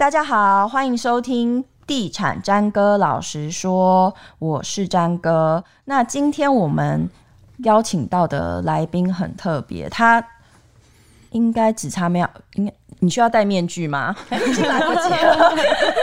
大家好，歡迎收聽《地產詹哥老實說》，我是詹哥。那今天我們邀請到的來賓很特別，他應該只差沒有，應該你需要戴面具嗎？不來不及了。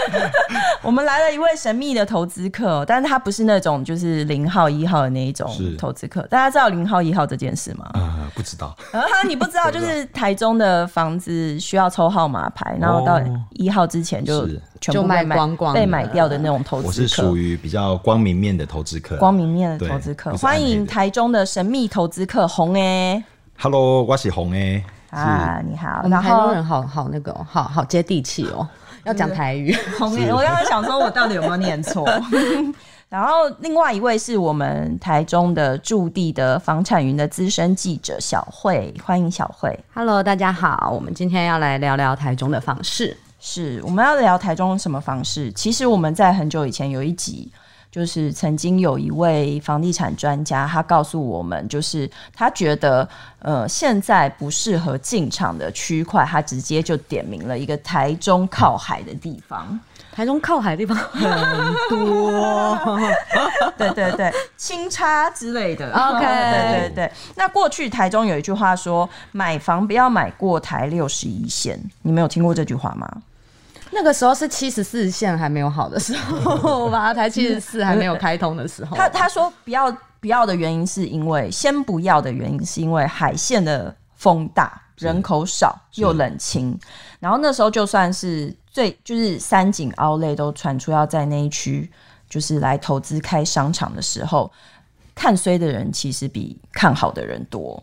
我們來了一位神秘的投資客，但是他不是那種就是零號一號的那一種投資客。是大家知道零號一號這件事嗎？啊、嗯，不知道。啊、嗯，你不知道，就是台中的房子需要抽號碼牌，然後到一號之前就全部買就賣光光、啊、被買掉的那種投資客。我是屬於比較光明面的投資客，光明面的投資客。妹妹歡迎台中的神秘投資客弘 ㄟ。Hello，我是弘 ㄟ。啊，ah, 是你好！我後台中人好好那個，好好接地氣哦， 要講台語。我我剛才想說我到底有沒有念錯。 然後，另外一位是我們台中的駐地的房產雲的資深記者筱惠，歡迎筱惠。Hello，大家好， 我們今天要來聊聊台中的房市， 是我們要聊台中什麼房市。其實我們在很久以前有一集。就是曾經有一位房地產專家，他告訴我們，就是他覺得，呃，現在不適合進場的區塊，他直接就點名了一個台中靠海的地方。嗯、台中靠海的地方很多， 對對對，清差之類的。OK，對對對。那過去台中有一句話說，買房不要買過台六十一線，你們有聽過這句話嗎？那個時候是七十四線還沒有好的時候， 我把它台七十四還沒有開通的時候。 他他說不要不要的原因是因為先不要的原因是因為海線的風大，人口少又冷清。然後那時候就算是最就是三井奧萊都傳出要在那一區就是來投資開商場的時候，看衰的人其實比看好的人多。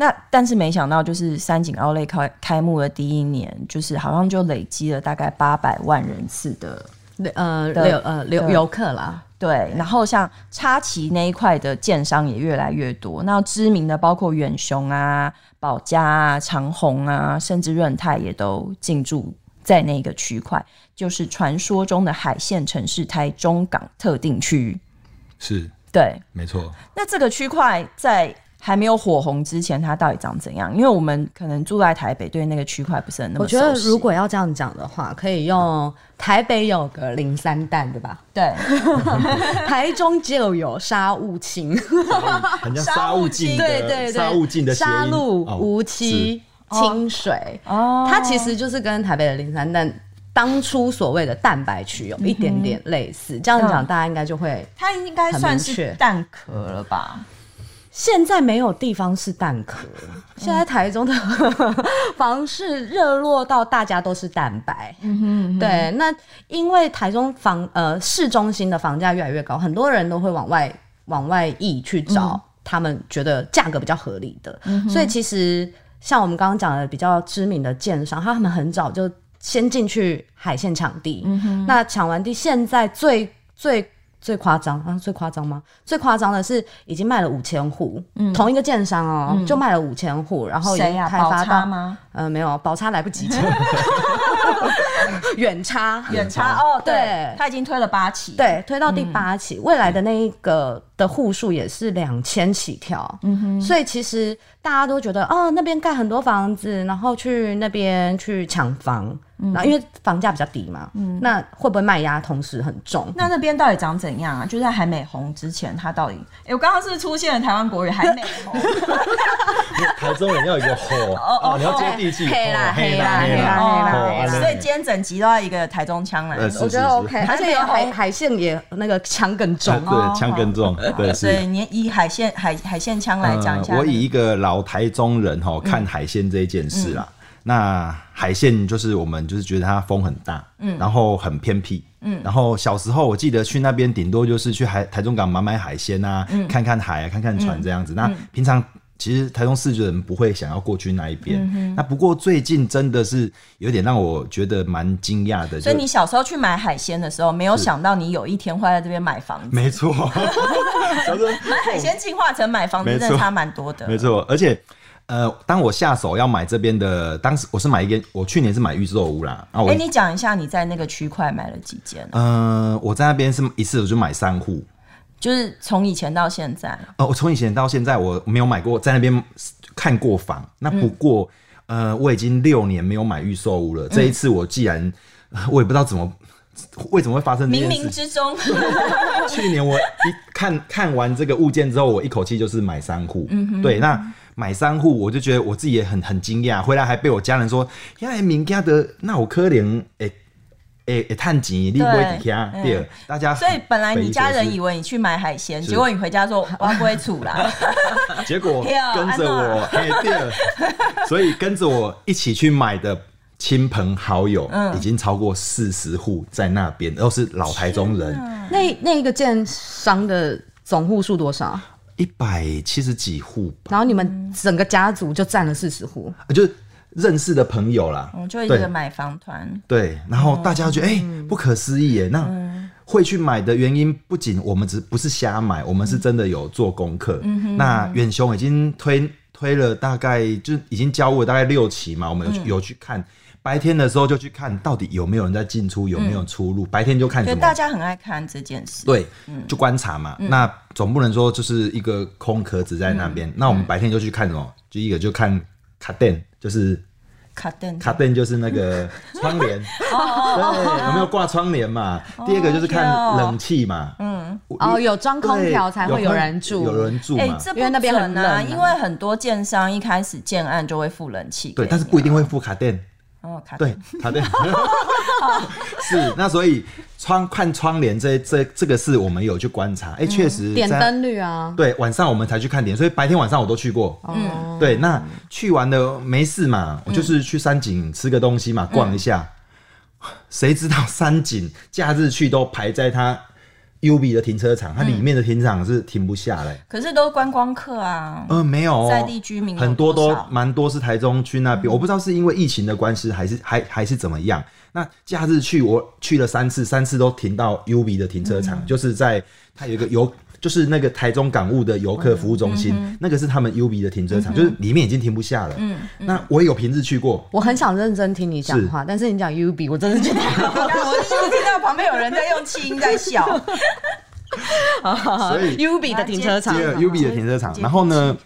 那但是沒想到，就是三井奧雷開開幕的第一年，就是好像就累積了大概八百萬人次的呃的呃遊、呃、留客啦。對，然後像插旗那一塊的建商也越來越多。那知名的包括遠雄啊、寶嘉啊、長虹啊，甚至潤泰也都進駐在那個區塊，就是傳說中的海線城市台中港特定區。是，對，沒錯錯。那這個區塊在。還沒有火紅之前，它到底長怎樣？因為我們可能住在台北，對那個區塊不是很那麼熟悉。我覺得如果要這樣講的話，可以用台北有個林三淡，對吧？對， 台中就有沙梧清，哦、很像沙梧清，清，對，對，對沙梧清的沙鹿、梧棲、哦、清水哦，它其實就是跟台北的林三淡當初所謂的蛋白區有一點點類似。嗯、哼這樣講、嗯、大家應該就會，它應該算是蛋殼了吧？現在沒有地方是蛋殼，現在台中的 房市熱絡到大家都是蛋白。嗯哼嗯哼。對，那因為台中房呃市中心的房價越來越高，很多人都會往外往外移去找、嗯、哼他們覺得價格比較合理的。嗯、哼所以其實像我們剛剛講的比較知名的建商，他們很早就先進去海線搶地，嗯、哼那搶完地現在最最。最誇張啊！最誇張嗎？最誇張的是已經賣了五千戶，嗯、同一個建商哦、喔，嗯、就賣了五千戶，然後已經開發到、啊、嗎？嗯、呃，沒有，寶佳來不及，遠 差遠差哦。對，他已經推了八期，對，推到第八期，嗯、未來的那一個的戶數也是兩千起跳。嗯、哼所以其實大家都覺得哦，那邊蓋很多房子，然後去那邊去搶房。然後因為房價比較低嘛，那會不會賣壓同時很重？那那邊到底長怎樣啊？就在還沒紅之前，它到底……哎，我剛剛是不是出現了台灣國語還沒紅？台中人要有一個吼哦，你要接地氣，黑啦黑啦黑啦，所以今天整集都要一個台中腔來。我覺得 OK，而且有海海線也那個腔更重，對，腔更重，對，所以你以海線海海線腔來講一下。我以一個老台中人吼看海線這一件事啦。那海線就是我們就是覺得它風很大，嗯，然後很偏僻，嗯，然後小時候我記得去那邊頂多就是去海台中港買買海鮮啊，嗯、看看海啊，看看船這樣子。嗯嗯、那平常其實台中市的人不會想要過去那一邊。嗯、哼那不過最近真的是有點讓我覺得蠻驚訝的。所以你小時候去買海鮮的時候，沒有想到你有一天會在這邊買房子。沒錯， 候嗯、買海鮮進化成買房，真的差蠻多的。沒錯，而且。呃，當我下手要買這邊的，當時我是買一間，我去年是買預售屋啦。啊，哎、欸，你講一下你在那個區塊買了幾間？嗯、呃、我在那邊是一次我就買三戶，就是從以前到現在。哦、呃，我從以前到現在我沒有買過，在那邊看過房。那不過，嗯、呃，我已經六年沒有買預售屋了。嗯、這一次我既然我也不知道怎麼為什麼會發生，冥冥之中， 去年我一看看完這個物件之後，我一口氣就是買三戶。嗯哼，對，那。買三戶，我就覺得我自己也很很驚訝。回來還被我家人說：“因為明家的那我可能會會探景不規底下變大家。”所以本來你家人以為你去買海鮮，結果你回家說：“我還不會煮啦。”結果跟着我開店，對對啊、對，所以跟着我一起去買的親朋好友、嗯、已經超過四十戶，在那邊都是老台中人。啊、那那一個建商的總戶數多少？一百七十幾戶，然後你們整個家族就佔了四十戶，就是認識的朋友啦，就一個買房團，對，然後大家覺得嗯嗯、欸、不可思議耶、欸，那會去買的原因不僅我們只不是瞎買，嗯、我們是真的有做功課。嗯、那遠雄已經推推了大概就已經交屋了大概六期嘛，我們有去、嗯、有去看。白天的時候就去看到底有沒有人在進出，有沒有出入。白天就看什麼？大家很愛看這件事。對，就觀察嘛。那總不能說就是一個空殼子在那邊。那我們白天就去看什麼？就一個就看卡墊，就是卡墊，卡墊就是那個窗簾，對，有沒有掛窗簾嘛？第二個就是看冷氣嘛。嗯，哦，有裝空調才會有人住，有人住。哎，這邊那邊很難，因為很多建商一開始建案就會付冷氣，對，但是不一定會付卡墊。哦、對，他的，是那所以窗、看窗簾這這這個事我們有去觀察，哎、嗯，確實在點燈率啊，對，晚上我們才去看點，所以白天晚上我都去過，嗯、對，那去完了，沒事嘛，我就是去三井吃個東西嘛，嗯、逛一下，誰知道三井假日去都排在他。UB 的停車場，它裡面的停車場是停不下的、嗯。可是都是觀光客啊，嗯、呃，沒有在地居民，多很多都蠻多是台中去那邊，嗯、我不知道是因為疫情的關係，還是還還是怎麼樣。那假日去我去了三次，三次都停到 UB 的停車場，嗯、就是在它有一個有。就是那個台中港務的遊客服務中心，那個是他們 UB 的停車場，就是裡面已經停不下了。嗯，那我也有平日去過，我很想認真聽你講話，但是你講 UB，我真的覺得我就一直聽到旁邊有人在用氣音在笑。UB 的停車場，UB 的停車場，然後呢，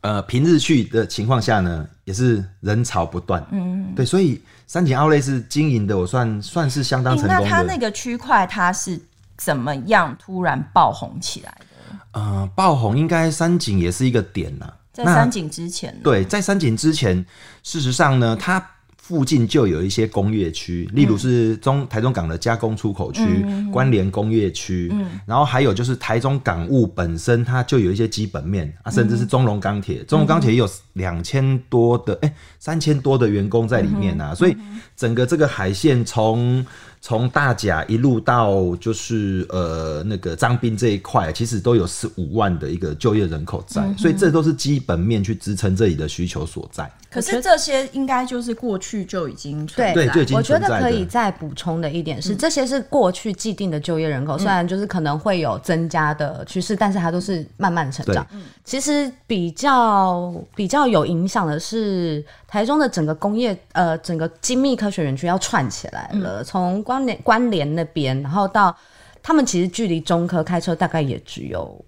呃，平日去的情況下呢，也是人潮不斷。嗯，對，所以三井 Outlet 是經營的，我算算是相當成功的。那它那個區塊，它是。怎麼樣突然爆紅起來的？呃、爆紅應該三井也是一個點，啊、三井呢。在三井之前，對，在三井之前，事實上呢，它附近就有一些工業區，嗯、例如是中台中港的加工出口區，嗯、哼關聯工業區，嗯哼，然後還有就是台中港務本身，它就有一些基本面啊，甚至是中龍鋼鐵，中龍鋼鐵也有兩千多的哎三千多的員工在裡面呢、啊，嗯、哼所以整個這個海線從。從大甲一路到就是呃那個彰濱這一塊，其實都有十五萬的一個就業人口在，嗯、哼所以這都是基本面去支撐這裡的需求所在。可是，可是這些應該就是過去就已經存在，對，對，我覺得可以再補充的一點是，嗯、這些是過去既定的就業人口，雖然就是可能會有增加的趨勢，但是它都是慢慢成長。對嗯、其實比較比較有影響的是。台中的整個工業，呃，整個精密科學園區要串起來了。從、嗯、關聯、關聯那邊，然後到他們其實距離中科開車大概也只有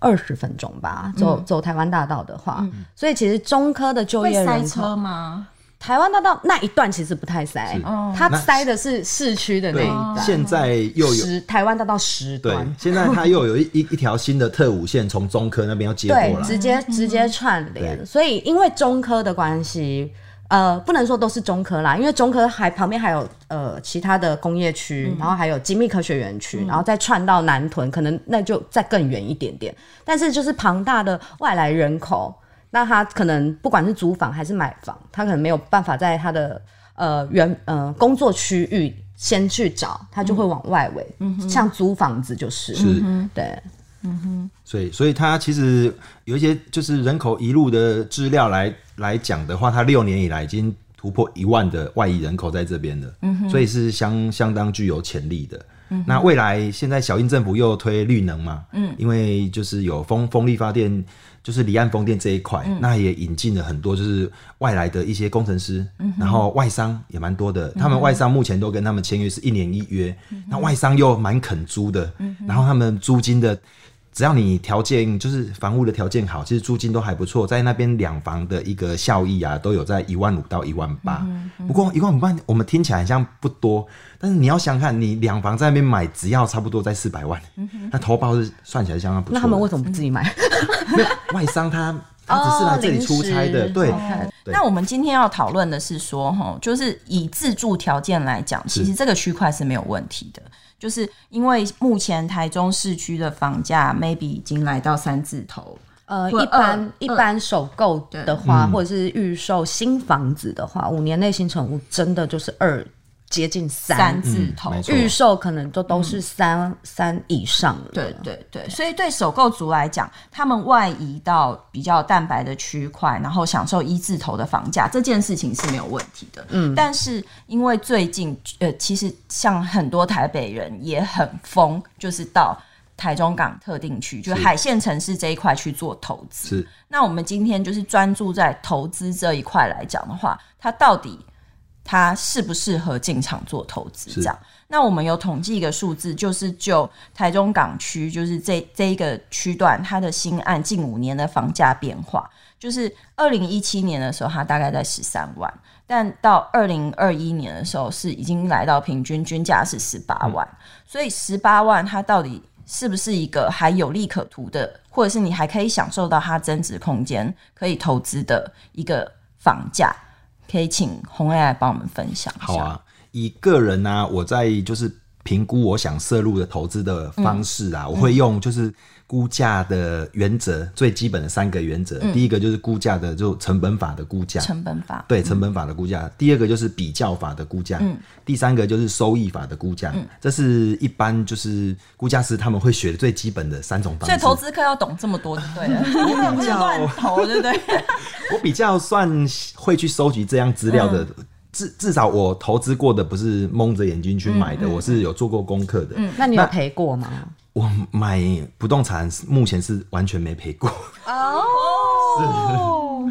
二十分鐘吧。走、嗯、走台灣大道的話，嗯、所以其實中科的就業人口會塞車嗎？台灣大道那一段其實不太塞，是它塞的是市區的那一段，現在又有台灣大道十段對，現在它又有一一一條新的特五線從中科那邊要接過來， 直接直接串聯。嗯嗯，所以因為中科的關係，對呃，不能說都是中科啦，因為中科還旁邊還有呃其他的工業區，然後還有精密科學園區，然後再串到南屯，嗯嗯可能那就再更遠一點點。但是就是龐大的外來人口。那他可能不管是租房還是買房，他可能沒有辦法在他的呃原呃工作區域先去找，他就會往外圍。嗯哼，像租房子就是是，對，嗯哼。所以，所以他其實有一些就是人口一路的資料來來講的話，他六年以來已經突破一萬的外移人口在這邊了。嗯哼，所以是相相當具有潛力的。嗯、那未來現在小英政府又推綠能嘛，嗯，因為就是有風風力發電，就是離岸風電這一塊，嗯、那也引進了很多就是外來的一些工程師，嗯、哼然後外商也蠻多的。嗯、哼他們外商目前都跟他們簽約是一年一約，嗯、哼那外商又蠻肯租的，嗯、哼然後他們租金的，只要你條件就是房屋的條件好，其實租金都還不錯，在那邊兩房的一個效益啊，都有在一萬五到一萬八、嗯。嗯、不過一萬五萬，我們聽起來好像不多，但是你要想看，你兩房在那邊買，只要差不多在四百萬。嗯嗯、那投報是算起來相當不錯。那他們為什麼不自己買？嗯、 外商他他只是來這裡出差的。哦、對。哦、對，那我們今天要討論的是說，哈，就是以自住條件來講，其實這個區塊是沒有問題的。就是因為目前台中市區的房價 maybe 已經來到三字頭，呃，或 一般二一般首購的話，二或者是預售新房子的話，嗯、五年內新成屋真的就是二。接近三,三字頭，預、嗯、售可能都都是三、嗯、三以上了。對對對，對所以對首購族來講，他們外移到比較蛋白的區塊，然後享受一字頭的房價，這件事情是沒有問題的。嗯，但是因為最近呃，其實像很多台北人也很瘋，就是到台中港特定區，就海線城市這一塊去做投資。是那我們今天就是專注在投資這一塊來講的話，它到底？它適不適合進場做投資？這樣，是那我們有統計一個數字，就是就台中港區，就是這這一個區段，它的新案近五年的房價變化，就是二零一七年的時候，它大概在十三萬，但到二零二一年的時候，是已經來到平均均價是十八萬。嗯、所以十八萬，它到底是不是一個還有利可圖的，或者是你還可以享受到它增值空間，可以投資的一個房價？可以請弘 ㄟ 來幫我們分享一下。好啊，以個人呢、啊，我在就是評估我想涉入的投資的方式啊，嗯、我會用就是。估價的原則最基本的三個原則，嗯、第一個就是估價的就成本法的估價，成本法對成本法的估價。嗯、第二個就是比較法的估價，嗯，第三個就是收益法的估價，嗯，這是一般就是估價師他們會學的最基本的三種方法。所以投資客要懂這麼多就對了，對、嗯，對不對？我比較算會去收集這樣資料的，嗯、至至少我投資過的不是蒙着眼睛去買的，嗯嗯，我是有做過功課的。嗯，那你有賠過嗎？我買不動產，目前是完全沒賠過。哦，哦。哦。哦。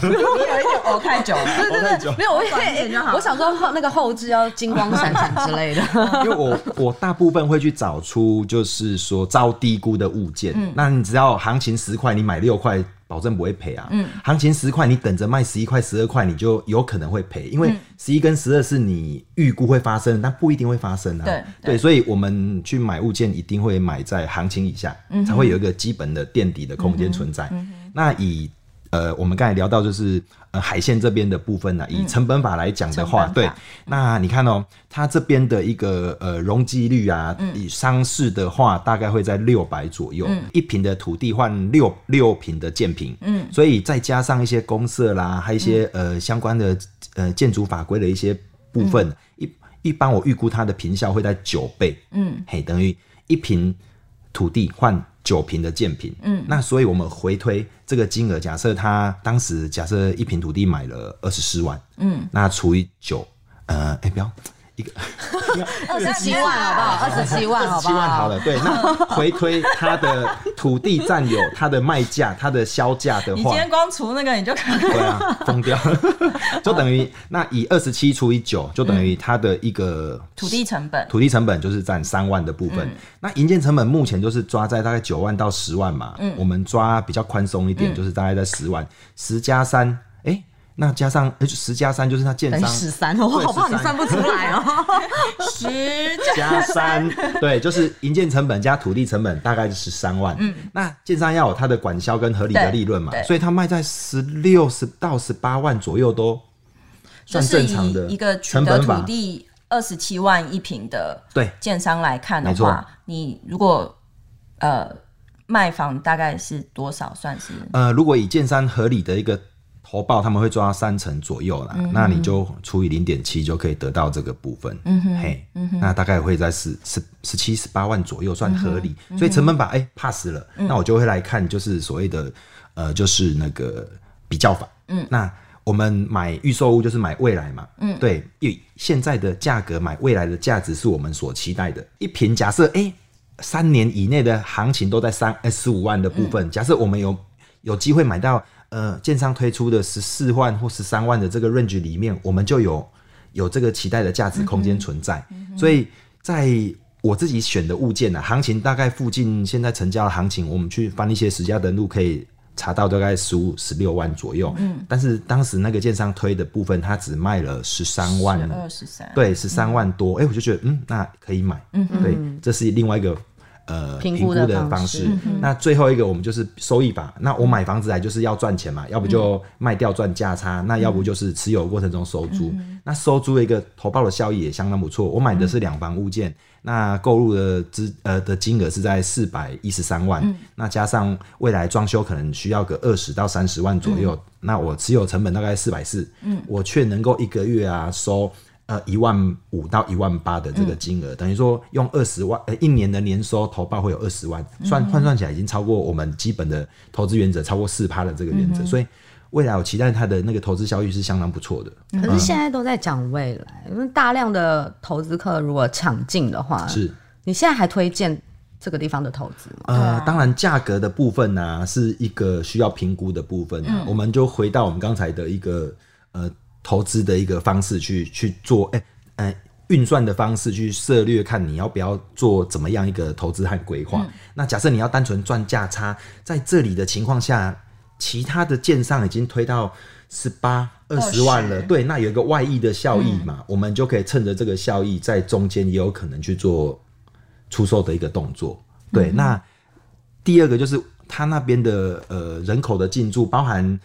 哦。熬太久了，真的 沒有，我一點、欸、我想說那個後製，要金光閃閃之類的。 因為我我大部分會去找出就是說遭低估的物件，嗯、那你只要行情十塊，你買六塊。保證不會賠啊！嗯，行情十塊，你等着賣十一塊、十二塊，你就有可能會賠，因為十一跟十二是你預估會發生的，但不一定會發生啊。對，對，對，所以我們去買物件，一定會買在行情以下，嗯哼，才會有一個基本的墊底的空間存在。嗯嗯，那以呃，我們剛才聊到就是呃，海線這邊的部分呢、啊，以成本法來講的話，對，嗯、那你看哦、喔，它這邊的一個呃容積率啊，以商市的話，嗯、大概會在六百左右，嗯、一坪的土地換六六坪的建坪，嗯、所以再加上一些公設啦，還有一些、嗯、呃相關的呃建築法規的一些部分，嗯、一一般我預估它的坪效會在九倍，嗯，嘿，等於一坪。土地換九坪的建坪，嗯，那所以我們回推這個金額，假設他當時假設一坪土地買了二十四萬，嗯，那除以九，呃，哎、欸，不要。一個二十七萬好不好？二十七萬好不好？好了，對，那回推他的土地占有、他的賣價、他的銷價的話，你今天光除那個你就看，對啊，瘋掉了。就等於那以二十七除以九，就等於他的一個土地成本。土地成本就是占三萬的部分。那營建成本目前就是抓在大概九萬到十萬嘛。嗯，我們抓比較寬鬆一點，就是大概在十萬十加三。那加上 H 十加三就是那建商十三，13, 我好怕你算不出來哦。十 加三，對，就是營建成本加土地成本大概是十三萬。嗯，那建商要有它的管銷跟合理的利潤嘛，所以他賣在十六十到十八萬左右都算是正常的。一個全本土地二十七萬一平的對建商來看的話，你如果呃賣房大概是多少？算是呃，如果以建商合理的一個。火爆，他們會賺到三成左右啦，嗯嗯嗯，那你就除以零點七就可以得到這個部分，嘿，那大概會在十十十七十八萬左右，算合理，嗯、哼所以成本法誒、嗯哼欸、pass 了，嗯、那我就會來看就是所謂的呃就是那個比較法，嗯，那我們買預售屋就是買未來嘛，嗯，對，因為現在的價格買未來的價值是我們所期待的，一坪假設誒、欸，三年以內的行情都在三哎十五萬的部分，嗯、假設我們有有機會買到。呃，建商推出的十四萬或十三萬的這個 range 裡面，我們就有有這個期待的價值空間存在。嗯嗯、所以在我自己選的物件呢、啊，行情大概附近，現在成交的行情，我們去翻一些實價登錄，可以查到大概十五、十六萬左右。嗯、但是當時那個建商推的部分，他只賣了十三萬，二十三，13, 對，十三萬多。哎、嗯哼，欸、我就覺得，嗯，那可以買。嗯哼，對，這是另外一個。呃，評估的方式。嗯、哼那最後一個，我們就是收益法。嗯、哼那我買房子來就是要賺錢嘛，嗯、哼要不就賣掉賺價差，嗯、哼那要不就是持有過程中收租。嗯、哼那收租的一個投報的效益也相當不錯。我買的是兩房物件，嗯、哼那購入的資呃的金額是在四百一十三萬，嗯、哼那加上未來裝修可能需要個二十到三十萬左右，嗯、哼那我持有成本大概四百四，我卻能夠一個月啊收。呃，一萬五到一萬八的這個金額，嗯、等於說用二十萬呃一年的年收投報會有二十萬，算換、嗯、哼算，算起來已經超過我們基本的投資原則，超過四趴的這個原則，嗯、哼所以未來我期待它的那個投資效益是相當不錯的。嗯嗯、可是現在都在講未來，因為大量的投資客如果搶進的話，是你現在還推薦這個地方的投資嗎？呃，當然價格的部分呢，啊、是一個需要評估的部分，啊，嗯、我們就回到我們剛才的一個呃。投資的一個方式，去去做，哎、欸，哎、欸，運算的方式去涉獵，看你要不要做怎麼樣一個投資和規劃。嗯、那假設你要單純賺價差，在這裡的情況下，其他的建商，已經推到十八二十萬了，哦、是對，那有一個外溢的效益嘛，嗯、我們就可以趁着這個效益在中間也有可能去做出售的一個動作。對，嗯嗯，那第二個就是他那邊的呃人口的進駐，包含。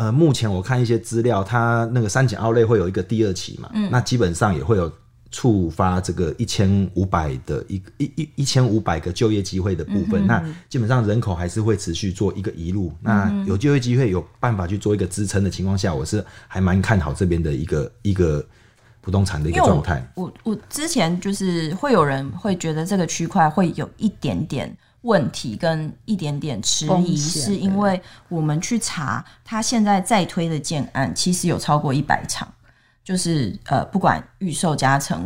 呃，目前我看一些資料，它那個三井 Outlet 會有一個第二期嘛，嗯、那基本上也會有觸發這個一千五百的一個一一一千五百個就業機會的部分。嗯、哼那基本上人口還是會持續做一個移入，那有就業機會，有辦法去做一個支撐的情況下，嗯、哼我是還蠻看好這邊的一個一個不動產的一個狀態。我我之前就是會有人會覺得這個區塊會有一點點。問題跟一點點遲疑，是因為我們去查，他現在在推的建案，其實有超過一百場，就是呃，不管預售加成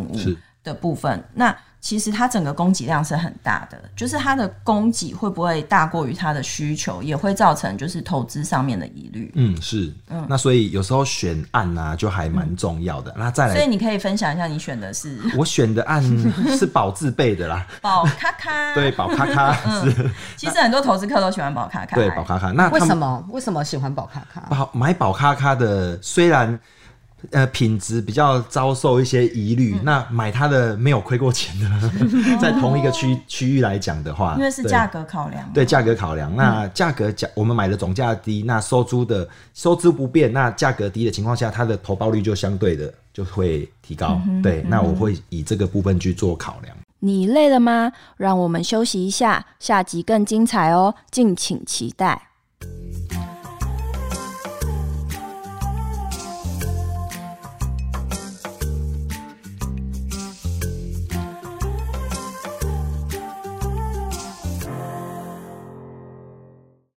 的部分，是那。其實它整個供給量是很大的，就是它的供給會不會大過於它的需求，也會造成就是投資上面的疑慮。嗯，是。嗯，那所以有時候選案啊，就還蠻重要的。那再來，所以你可以分享一下你選的是我選的案是寶字輩的啦，寶 咖咖。 對，寶咖咖是、嗯。其實很多投資客都喜歡寶咖咖。那對，寶咖咖那為什麼？為什麼喜歡寶咖咖？寶買寶咖咖的雖然。呃，品質比較遭受一些疑慮，嗯、那買它的沒有虧過錢的，嗯、 在同一個區、哦、區域來講的話，因為是價格考量，對、嗯、價格考量，那價格價我們買的總價低，那收租的收租不變，那價格低的情況下，它的投報率就相對的就會提高，嗯、哼對，那我會以這個部分去做考量。你累了嗎？讓我們休息一下，下集更精彩哦，敬請期待。